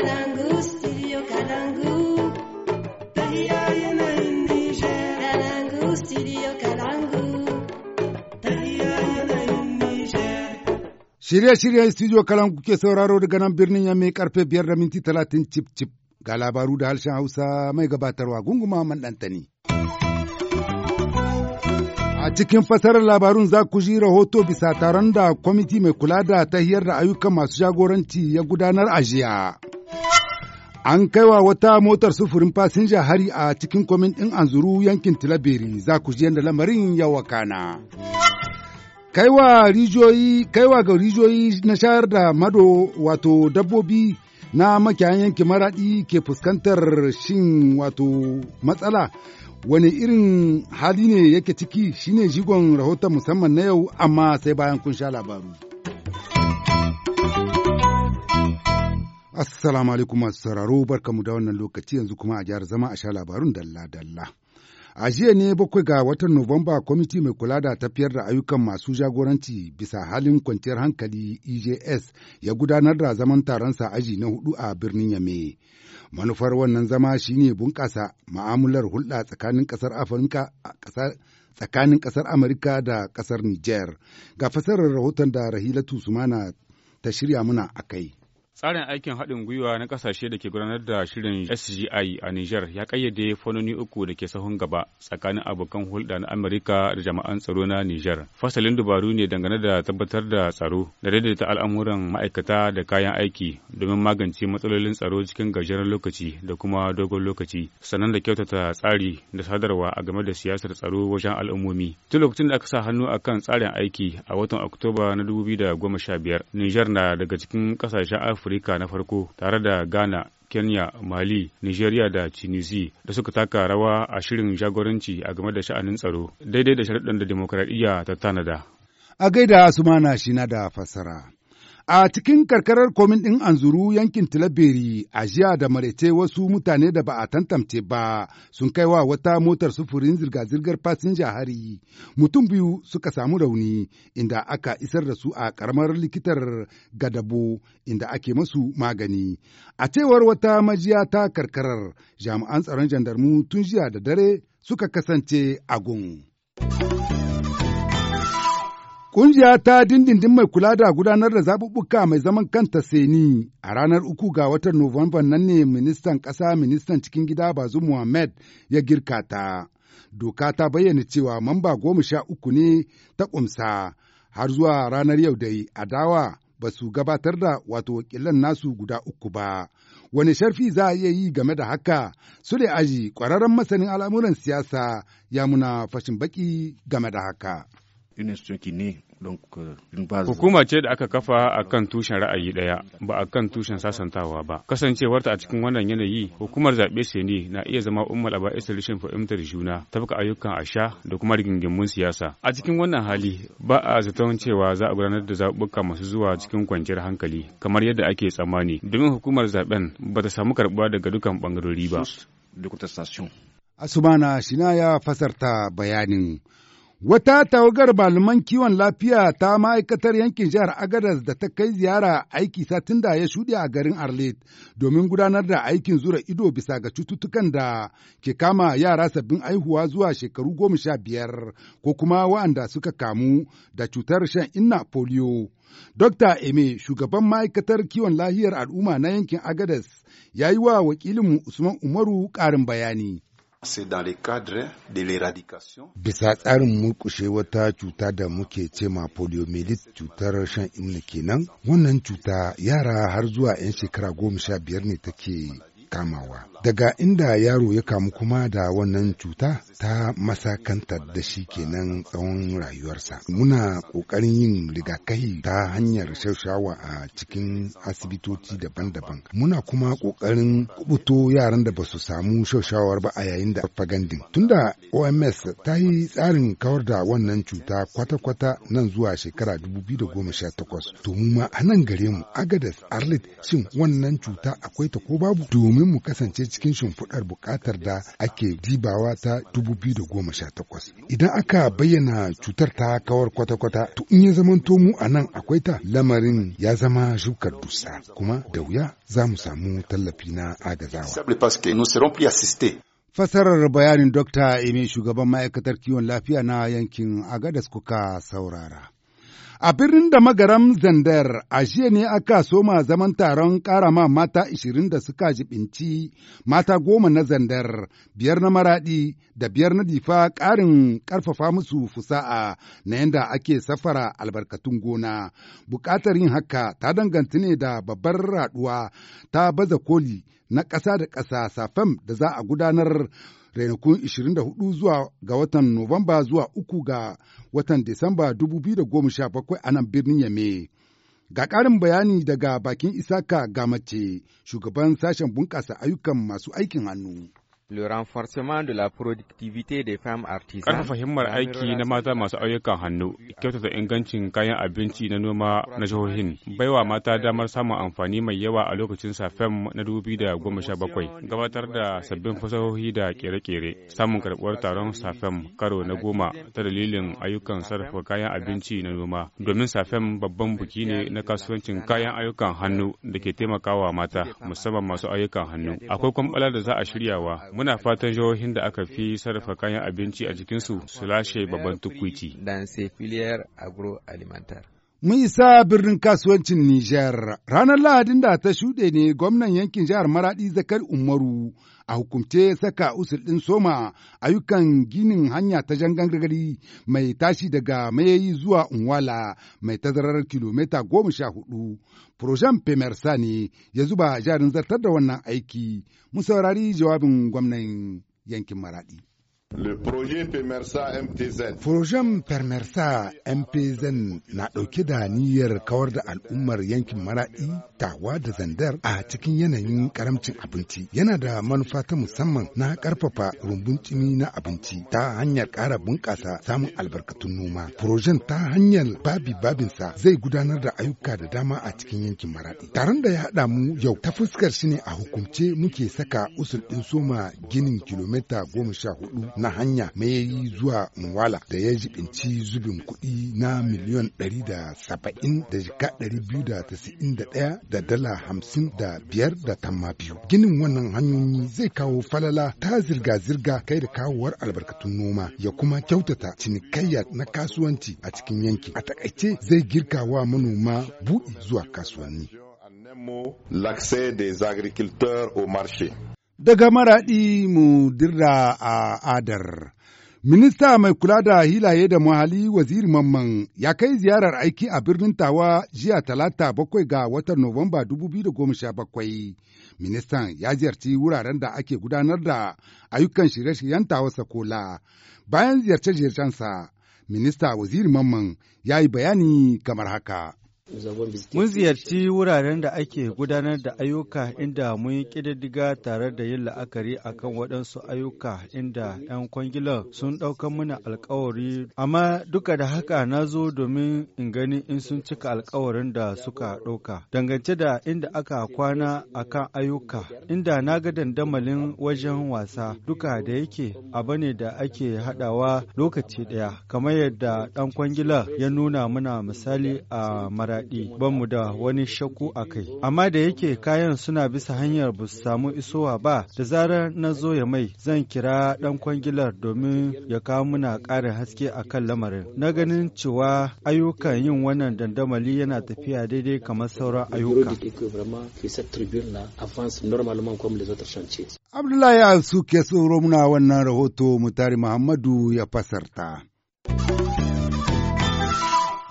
kalangu studio kalangu yanayin kalangu studio kalangu yanayin shirye-shiryen studio kalangu kuke sauraro daga nan birnin yamme karfe biyar da minti talatin cip cip ga labaru da harshen hausa mai gabatarwa gunguma man ɗantani. A cikin fasarar labarun za ku ji rahoto bisa taron da kwamiti mai kula da tahiyar da ayyukan masu jagoranci ya gudanar a jiya. An kaiwa wata motar sufurin fasinja hari a cikin kwamin ɗin anzuru yankin Tilaberi za ku ji yadda lamarin ya wakana. Kaiwa Kai wa ga rijiyoyi na shayar da mado wato dabbobi na makiyayan yankin maraɗi ke fuskantar shin wato matsala wani irin hali ne yake ciki shine jigon rahoton musamman na yau amma sai bayan kun sha labaru. Assalamu alaikum masu sauraro barkamu da wannan lokaci yanzu kuma a jihar zama a sha labarun dalla-dalla. A jiya ne bakwai ga watan Nuwamba kwamiti mai kula da tafiyar da ayyukan masu jagoranci bisa halin kwanciyar hankali EJS ya gudanar da zaman taron sa aji na hudu a birnin Yame. Manufar wannan zama shine bunƙasa ma'amular hulɗa tsakanin ƙasar Afirka tsakanin ƙasar Amurka da ƙasar Niger. Ga fasarar rahoton da Rahilatu Sumana ta shirya muna a kai. Tsarin aikin haɗin gwiwa na ƙasashe da ke gudanar da shirin SGI a niger ya ƙayyade fanoni uku da ke sahun gaba tsakanin abokan hulɗa na Amurka da jama'an tsaro na niger Fasalin dubaru ne dangane da tabbatar da tsaro da daidaita al'amuran ma'aikata da kayan aiki domin magance matsalolin tsaro cikin gajeren lokaci da kuma dogon lokaci, sannan da kyautata tsari da sadarwa a game da siyasar tsaro wajen al'ummomi. Tun lokacin da aka sa hannu a kan tsarin aiki a watan Oktoba na 2015, niger na daga cikin ƙasashen Afirka afirka na farko tare da ghana kenya mali nigeria da tunisia da suka taka rawa a shirin jagoranci a game da sha'anin tsaro daidai da sharaɗin da demokradiyya ta tanada a gaida asumana shi na da fassara A cikin karkarar komin ɗin Anzuru yankin Tilaberi a jiya da maraice wasu mutane da ba a tantamce ba sun kai wa wata motar sufurin zirga-zirgar fasinja hari. Mutum biyu suka samu rauni inda aka isar da su a karamar likitar Gadabo inda ake masu magani. A cewar wata majiya ta karkarar jami'an tsaron jandarmu tun jiya da dare suka kasance a gun. Ƙungiya ta dindindin mai kula da gudanar da zaɓuɓɓuka mai zaman kanta Seni a ranar uku ga watan Nuwamban nan ne ministan ƙasa ministan cikin gida Bazu Muhammad ya girka ta. Doka ta bayyana cewa mamba goma sha uku ne ta ƙumsa har zuwa ranar yau dai adawa ba su gabatar da wato wakilan nasu guda uku ba. Wani sharfi za a iya yi game da haka, Sule Aji, ƙwararren masanin al'amuran siyasa, ya muna fashin baki game da haka. Eh, Hukuma ce da aka kafa a kan tushen ra'ayi ɗaya ba a kan tushen sasantawa ba. kasancewar ta a cikin wannan yanayi hukumar zaɓe ne na iya zama ummal aba for fahimtar juna tafka ayyukan a da kuma rigingimun siyasa. A cikin wannan hali ba a zaton cewa za a gudanar da zaɓuka masu zuwa cikin kwanciyar hankali kamar yadda ake tsammani domin hukumar zaɓen ba ta samu karɓuwa daga dukkan bangarori ba. Asumana Shina ya fasarta bayanin. Wata tawagar malaman kiwon lafiya ta ma'aikatar yankin jihar Agadas da ta kai ziyara aiki satin da ya shuɗe a garin Arlet domin gudanar da aikin zura ido bisa ga cututtukan da ke kama yara sabbin aihuwa zuwa shekaru goma sha biyar ko kuma wa'anda suka kamu da cutar shan inna polio. Dr. Eme, shugaban ma'aikatar kiwon lahiyar al'umma na yankin Agadas, ya yi wa wakilinmu Usman Umaru ƙarin bayani. Bisa tsarin murkushe wata cuta da muke ce ma cutar shan inna kenan, wannan cuta yara har zuwa 'yan shekara goma sha biyar ne take kamawa. Daga inda yaro ya kamu kuma da wannan cuta ta masakantar da shi kenan tsawon rayuwarsa. Muna ƙoƙarin yin rigakahi ta hanyar shaushawa a cikin asibitoci daban-daban. Muna kuma ƙoƙarin kubuto yaran da ba su samu shaushawar ba a yayin da fagandin. Tunda OMS ta yi tsarin kawar da wannan cuta kwata-kwata nan zuwa shekara 2018. To mu ma a nan gare mu Agadas Arlit shin wannan cuta akwai ta ko babu domin mu kasance cikin shimfiɗar buƙatar da ake dibawa ta 2018. Idan aka bayyana cutar ta kawar kwata-kwata, to in ya zamanto mu a nan akwai ta lamarin ya zama shukar dusa kuma da wuya za mu samu tallafi na agazawa. Fasarar bayanin Dokta Emi shugaban ma'aikatar kiwon lafiya na yankin Agadas kuka saurara. A birnin da magaram Zandar, a jiya ne aka soma zaman taron karama mata ishirin da suka jibinci mata goma na Zandar, biyar na maraɗi da biyar na difa ƙarin ƙarfafa musu fusa'a na yadda ake safara albarkatun gona. Buƙatar yin haka ta danganta ne da babbar raɗuwa ta baza koli na ƙasa da ƙasa safam da za a gudanar ranakun 24 zuwa ga watan Nuwamba zuwa 3 ga watan Disamba 2017 a nan birnin Yame. Ga ƙarin bayani daga bakin Isaka ga mace, shugaban sashen bunƙasa ayyukan masu aikin hannu. le renforcement de la productivité des femmes artisans. kan himmar aiki na mata masu ayyukan hannu, kyautata ingancin kayan abinci na noma na jihohin, baiwa mata damar samun amfani mai yawa a lokacin safen na 2017, gabatar da sabbin fasahohi da kere-kere, samun karbuwar taron safen karo na goma ta dalilin ayyukan sarrafa kayan abinci na noma, domin safen babban buki ne na kasuwancin kayan ayyukan hannu da ke taimakawa mata, musamman masu ayyukan hannu. Akwai kwamɓala da za a shiryawa Muna fatan jihohin da aka fi sarrafa kayan abinci a cikinsu su lashe babban tukwici. Mun isa birnin kasuwancin Nijar, ranar Lahadin da ta shuɗe ne gwamnan yankin jihar Maraɗi Zakar Umaru a hukumce saka usul ɗin soma ayyukan ginin hanya ta jangan gari mai tashi daga mayayi zuwa Unwala mai tazarar kilomita goma sha hudu. Projan Pemersa ne ya zuba jarin zartar da wannan aiki, mun saurari jawabin gwamnan yankin Maraɗi. Le Projen Permersa MPZ na ɗauke da niyyar kawar da al'ummar yankin maraɗi, tawa da zandar a cikin yanayin karamcin abinci. Yana da manufa ta musamman na ƙarfafa rumbun tsimi na abinci ta hanyar ƙara bunƙasa samun albarkatun noma. Projet ta hanyar babi babinsa zai gudanar da ayyuka da dama a cikin yankin maraɗi. Taron da ya haɗa mu yau ta fuskar shi a hukumce muke saka usul ɗin soma ginin kilomita goma sha hudu na hanya mai zuwa Mwala da ya jibinci zubin kuɗi na miliyon ɗari da jika biyu da dala hamsin da biyar da tamma biyu. Ginin wannan hanyoyi zai kawo falala ta zirga-zirga kai da kawowar albarkatun noma ya kuma kyautata cinikayya na kasuwanci a cikin yanki. A takaice zai girka wa manoma buɗi zuwa kasuwanni. L'accès des agriculteurs au marché. Daga maraɗi mu dirra a adar. Minista mai kula da hilaye da muhali waziri Mamman ya kai ziyarar aiki a birnin Tawa jiya talata bakwai ga watan Nuwamba 2017. Ministan ya ziyarci wuraren da ake gudanar da ayyukan shirye-shiryen Tawa Sakola. Bayan ziyarce-ziyarcensa, minista waziri Mamman ya yi bayani kamar haka. Mun ziyarci wuraren da ake gudanar da ayyuka inda mun yi ƙididdiga tare da yin la'akari akan waɗansu ayyuka inda 'yan kwangilar sun ɗauka mana alkawari. Amma duka da haka na zo domin in gani in sun cika alkawarin da suka ɗauka. Dangance da inda aka kwana akan ayyuka, inda na ga dandamalin wajen wasa duka da yake abu ne da ake haɗawa lokaci ɗaya, kamar yadda ɗan kwangilar ya nuna mana misali a mara daɗi ba mu da wani shakku a kai. Amma da yake kayan suna bisa hanyar ba su samu isowa ba da zarar na zo ya mai zan kira ɗan kwangilar domin ya kawo muna ƙarin haske a kan lamarin. Na ganin cewa ayyukan yin wannan dandamali yana tafiya daidai kamar sauran ayyuka. Abdullahi Ansu ke tsoro muna wannan rahoto Mutari Muhammadu ya fasarta.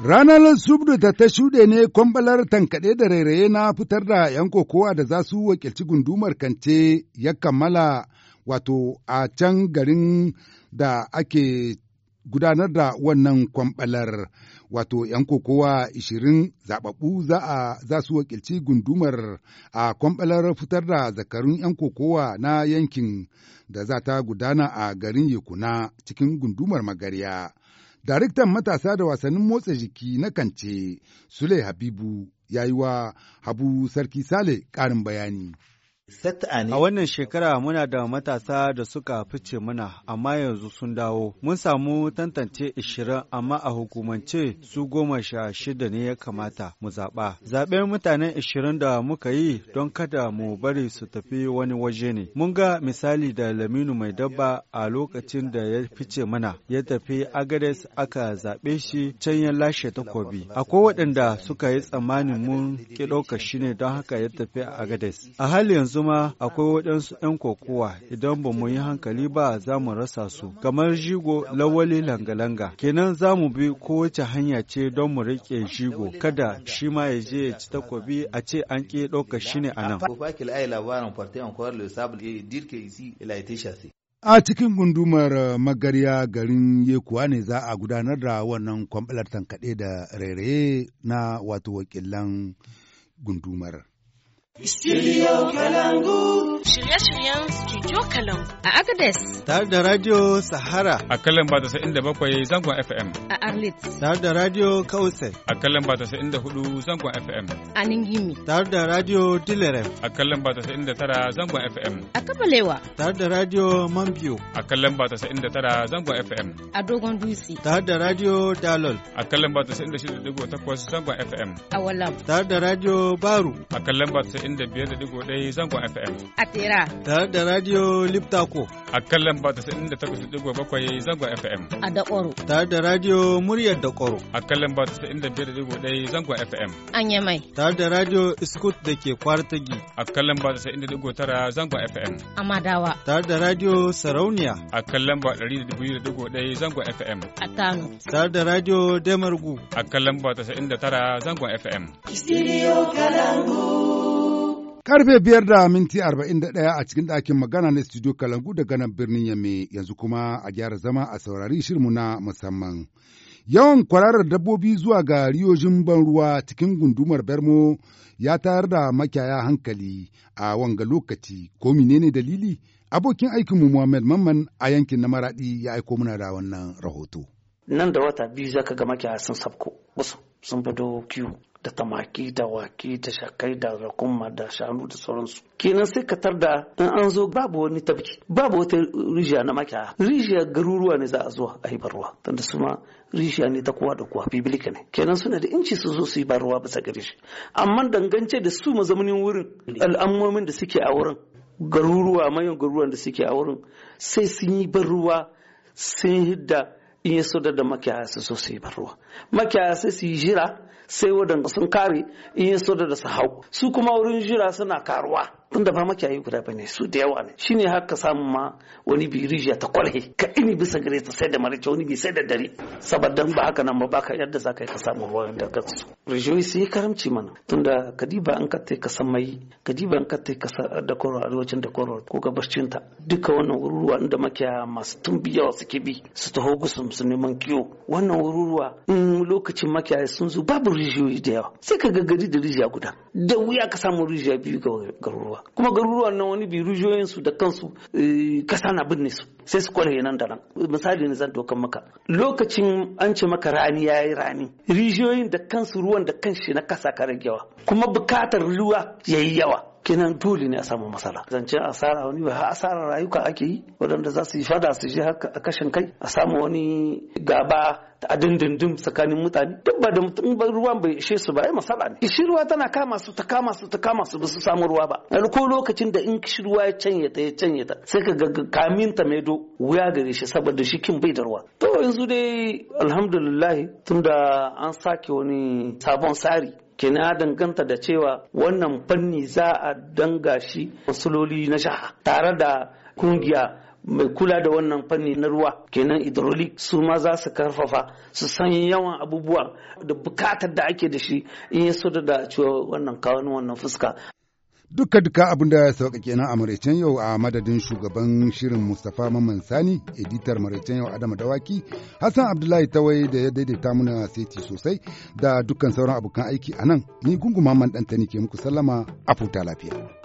Ranar Subdu ta ta shuɗe ne kwambalar tankaɗe da rairaye na fitar da 'yan kokowa da za su wakilci gundumar kance ya kammala wato a can garin da ake gudanar da wannan kwambalar wato 'yan kokowa 20 zaɓaɓɓu za a za su wakilci gundumar a kwambalar fitar da zakarun 'yan kokowa na yankin da za ta gudana a garin Yekuna cikin gundumar Magarya. Daraktan matasa da wasannin motsa jiki na Kance, Sule Habibu, ya yi wa Habu Sarki Sale ƙarin bayani. A wannan shekara muna da matasa da suka fice mana, amma yanzu sun dawo. Mun samu tantance ishirin amma a hukumance su goma sha shida ne ya kamata mu zaɓa. Zaɓen mutanen ishirin da muka yi don kada mu bari su tafi wani waje ne. Mun ga misali da Laminu mai dabba a lokacin da ya fice mana, ya tafi Agades aka zaɓe shi can ya lashe takobi. Akwai waɗanda suka yi tsammanin mun ki ɗauka ne don haka ya tafi Agades. A hali yanzu yanzu akwai waɗansu 'yan kokowa idan ba mu yi hankali ba za mu rasa su kamar jigo lawali langa-langa kenan za mu bi kowace hanya ce don mu riƙe jigo kada shi ma ya je ya ci takobi a ce an ƙi ɗauka shi ne a nan. A cikin gundumar eh, magarya garin Yekuwa ne za a gudanar da wannan kwambalar tankaɗe da rere na wato wakilan gundumar. Studio Kalangu. shirye-shiryen studio Kalam a Agadez. Tare da Radio Sahara. A kalan ba inda bakwai zangon FM. A Arlit. Tare da Radio Kausai. A kalan ba inda hudu zangon FM. A Ningimi. Tare da Radio Dilerem. A kalan ba inda tara zangon FM. A Kabalewa. Tare da Radio mambio A kalan ba inda tara zangon FM. A Dogon Dutse. Tare da Radio Dalol. A kalan ba da takwas zangon FM. A Walam. Tare da Radio Baru. A kalan ba inda biyar da zangon FM. A Tera. Tare da Radio Liptako. A kan lamba zango FM. A Dakoro. Tare da Radio Muryar Dakoro. A kan lamba ɗaya zango FM. An Yamai. Tare da Radio Iskut da ke Kwartagi. A kan lamba zango FM. A Madawa. Tare da Radio Sarauniya. A kan lamba zango FM. A Tano. Tare da Radio Demargu. A kan lamba zango FM. Studio Kalangu. Karfe biyar da minti arba'in da ɗaya a cikin ɗakin magana na studio Kalangu daga nan birnin Yamme yanzu kuma a gyara zama a saurari shirmu na musamman. Yawan kwararar dabbobi zuwa ga riyojin ban ruwa cikin gundumar Bermo ya tayar da makiyaya hankali a wanga lokaci ko menene dalili? Abokin aikinmu Muhammad Mamman a yankin na Maraɗi ya aiko muna da wannan rahoto. Nan da wata biyu zaka ga makiyaya sun sabko, wasu sun fito kiwo da tamaki da waki, da shakai da rakuma da shanu da sauransu kenan sai ka tarda in an zo babu wani tafki babu wata rijiya na makiya rijiya garuruwa ne za a zuwa a yi barwa tunda su ma rijiya ne ta kowa da kowa bibilika ne kenan suna da inci su zo su yi barwa sa gare shi amma dangance da su mazaunin wurin al'ammomin da suke a wurin garuruwa mayan garuruwan da suke a wurin sai sun yi barwa sun hidda in ya so da makiyaya su so su yi barruwa makiyaya sai su yi jira sai wadanda sun kare in ya so da su hau su kuma wurin jira suna karuwa tunda ba makiyayi guda bane su da yawa ne shine haka samu ma wani birijiya ta kwalhe ka ini bisa gare ta sai da marice wani bi sai da dare saboda ba haka nan ba baka yadda zaka yi ka samu ruwan da ka su rijiyoyi sai karamci mana tunda kadiba an ka ka san kadiba an ka ka sa da koro arewacin da koro ko gabashin ta duka wannan wururuwa inda makiyaya masu tumbi yawa suke bi su taho gusum su neman kiwo wannan wururuwa in lokacin makiyaya sun zo babu rijiyoyi da yawa sai ka ga gari da rijiya guda da wuya ka samu rijiya biyu ga garuruwa kuma garuruwan nan wani bi su da kansu kasa eh, na binne su sai su kware nan da nan misali ne zan dokan maka lokacin an ce maka rani yi rani rijiyoyin da kansu ruwan da kanshi na kasa ka ragewa kuma bukatar ruwa ya yi yawa kenan dole ne a samu matsala zancen asara wani ba asarar rayuka ake yi waɗanda za su yi fada su ji haka a kashin kai a samu wani gaba a dindindin tsakanin mutane duk ba da mutum ba ruwan bai ishe su ba ai masala ne ishi ruwa tana kama su ta kama su ta kama su ba su samu ruwa ba ko lokacin da in kishi ruwa ya canye ta ya canya ta sai ka ga kamin ta do wuya gare shi saboda shi kin bai da ruwa to yanzu dai alhamdulillah tunda an sake wani sabon tsari kina danganta da cewa wannan fanni za a danga shi masuloli na sha tare da kungiya mai kula da wannan fanni na ruwa kenan hydraulic su ma za su karfafa su san yawan abubuwa da bukatar da ake da shi in ya so da cewa wannan kawo wannan fuska Duka duka abin da sauka kenan a maraicen yau a madadin shugaban shirin Mustapha Mamman Sani, editar maraicen yau Adama Dawaki, Hassan Abdullahi Tawai da ya daidaita muna seti sosai da dukkan sauran abokan aiki a nan, ni gunguma man ɗanta ke muku sallama a futa lafiya.